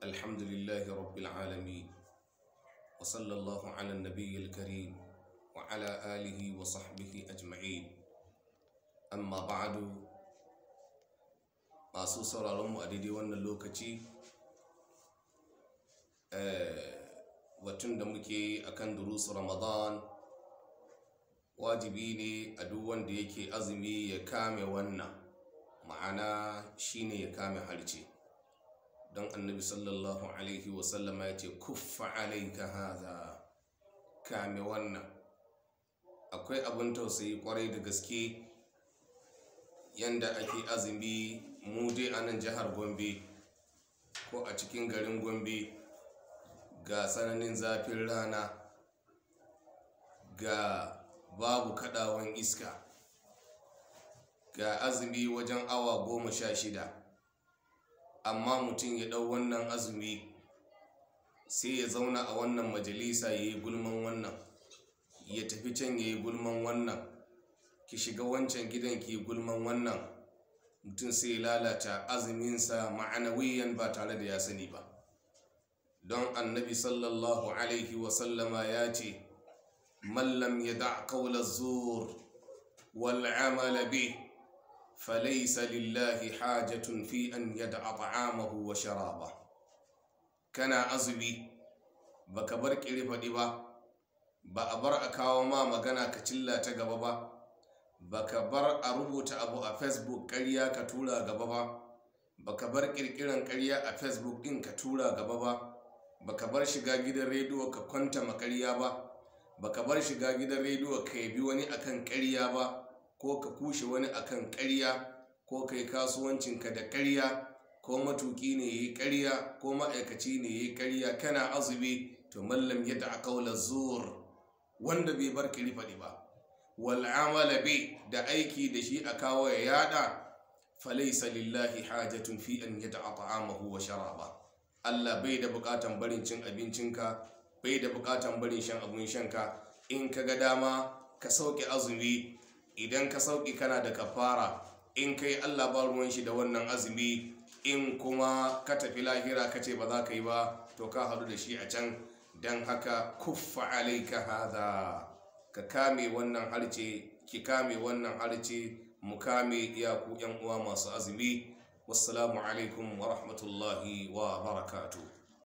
الحمد لله رب العالمين وصلى الله على النبي الكريم وعلى آله وصحبه أجمعين أما بعد masu sauraronmu a daidai wannan lokaci eh, batun da muke akan durusu ramadan wajibi ne a duk wanda yake azumi ya kame wannan ma'ana shine ya kame harce don annabi sallallahu alaihi wasallama ya ce kuffa alaika haza kame wannan akwai abin tausayi kwarai da gaske yanda ake azumi mu dai a nan jihar gombe ko a cikin garin gombe ga tsananin zafin rana ga babu kadawan iska ga azumi wajen awa goma sha shida amma mutum ya ɗau wannan azumi sai ya zauna a wannan majalisa ya yi gulman wannan ya tafi can ya yi gulman wannan ki shiga wancan gidan ki gulman wannan mutum sai lalata azuminsa ma'anawiyan ba tare da ya sani ba don annabi sallallahu alaihi wasallama ya ce mallam ya da'a kaular zuwar wal'amala bi فليس لله حاجة في أن يدع طعامه وشرابه كان أزبي بكبرك إلي فديبا ba Ba a bar a kawo ma magana ka cilla ta gaba ba ba ka bar a rubuta abu a facebook karya ka tura gaba ba ba ka bar ƙirƙiran karya a facebook ɗin ka tura gaba ba ba ka bar shiga gidan rediyo ka kwanta makarya ba ba ka bar shiga gidan rediyo ka bi wani akan karya ba ko ka kushe wani akan ƙarya ko kai kasuwancinka da ƙarya ko matuki ne ya yi ƙarya ko ma'aikaci ne ya yi ƙarya kana azumi to mallam yad'a qawla zuwar wanda bai bar kiri faɗi ba wal amala da aiki da shi a kawo ya yada falaisa lillahi hajatun fi an yad'a ta'amahu wa sharaba Allah bai da bukatan barin cin abincinka bai da bukatan barin shan abun shanka in ka ga dama ka sauke azumi idan ka sauki kana da kafara in kai Allah ba ruwan shi da wannan azumi in kuma ka tafi lahira ka ce ba za ka yi ba to ka haɗu da shi a can don haka kuffa alaika hada ka kame wannan harce ki kame wannan harce mu kame iyaku yan uwa masu azumi wassalamu alaikum wa rahmatullahi wa barakatuh